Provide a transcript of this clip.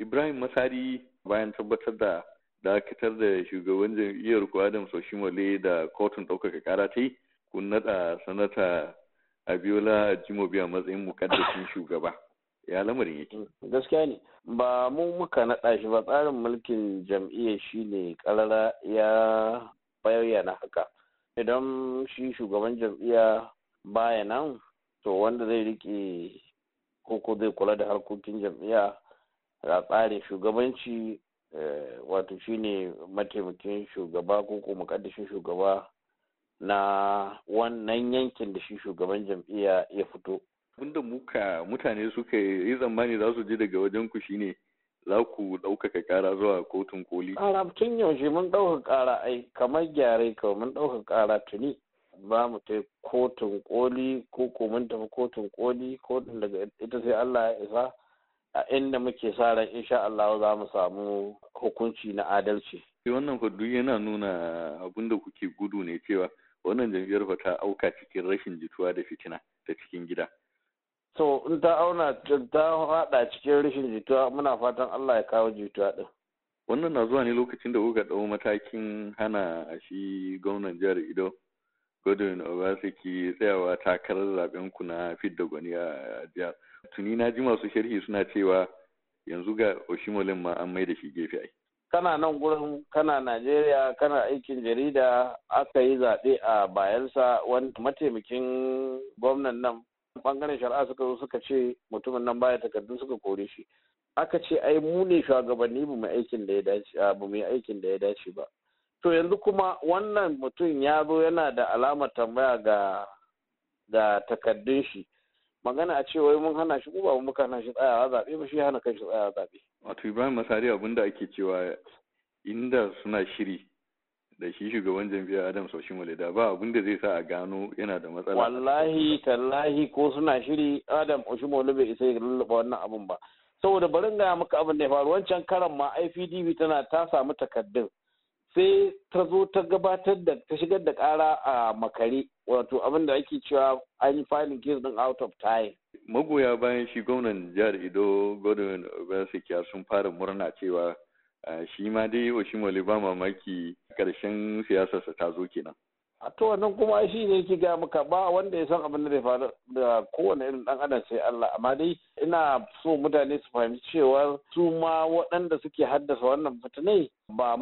Ibrahim Masari bayan tabbatar da dakatar da shugaban jam'iyyar ku Adam Soshimole da kotun ɗaukaka kara ta yi kun naɗa sanata Abiola Jimobi a matsayin mukaddashin shugaba. Ya lamarin yake. Gaskiya ne ba mu muka naɗa shi ba tsarin mulkin jam'iyyar shi ne ƙarara ya bayyana haka. Idan shi shugaban jam'iyya baya nan to wanda zai riƙe ko ko zai kula da harkokin jam'iyya a tsarin shugabanci eh, wato shine mataimakin shugaba ko ko mukaddashin shugaba na wannan yankin da shi shugaban jam'iyya ya fito abinda muka mutane suka yi tsammani za su je daga wajen ku shine za ku ɗaukaka ƙara zuwa kotun koli. Ƙara tun yaushe mun ɗauka ƙara ai kamar gyare kawai mun ɗauka ƙara tuni ba mu ta kotun koli ko ko mun tafi kotun koli kotun daga ita sai Allah ya isa a inda muke sa ran insha Allah za mu samu hukunci na adalci. Wannan hudu yana nuna abin da kuke gudu ne cewa wannan jam'iyyar ba ta auka cikin rashin jituwa da fitina ta cikin gida. So in ta auna ta hada cikin rashin jituwa muna fatan Allah ya kawo jituwa din. Wannan na zuwa ne lokacin da kuka ɗau matakin hana shi gwamnan jihar Ido Godwin Obaseki tsayawa takarar zaben ku na fidda gwani a jihar. Tuni na ji masu sharhi suna cewa yanzu ga Oshimolin ma an mai da shi gefe ai. Kana nan gurin kana Najeriya kana aikin jarida aka yi zaɓe a bayansa wani mataimakin gwamnan nan bangaren shari'a suka zo suka ce mutumin nan baya takardu suka kore shi. Aka ce ai mu ne shugabanni ba mu aikin da ya dace ba. to yanzu kuma wannan mutum ya zo yana da alamar tambaya ga ga takaddun shi magana a cewa mun hana shi ko ba muka hana shi tsayawa zaɓe ba shi hana kan shi tsayawa zaɓe. wato ibrahim masari abin da ake cewa inda suna shiri da shi shugaban jam'iyyar adam soshimole da ba abin da zai sa a gano yana da matsala wallahi tallahi ko suna shiri adam oshimole bai isa ya lullaba wannan abin ba saboda barin gaya maka abin da ya faru wancan karan ma ipdb tana ta samu takaddun sai ta zo ta gabatar da ta shigar da kara a makare wato abin da ake cewa an yi filin case din out of time magoya bayan shi gwamnan jihar ido godwin obasanjo sun fara murna cewa shi ma dai oshimole ba mamaki karshen siyasarsa ta zo kenan a to wannan kuma shi ne yake gaya muka ba wanda ya san abin da zai faru da kowane irin dan adam sai Allah amma dai ina so mutane su fahimci cewa su ma waɗanda suke haddasa wannan fitinai ba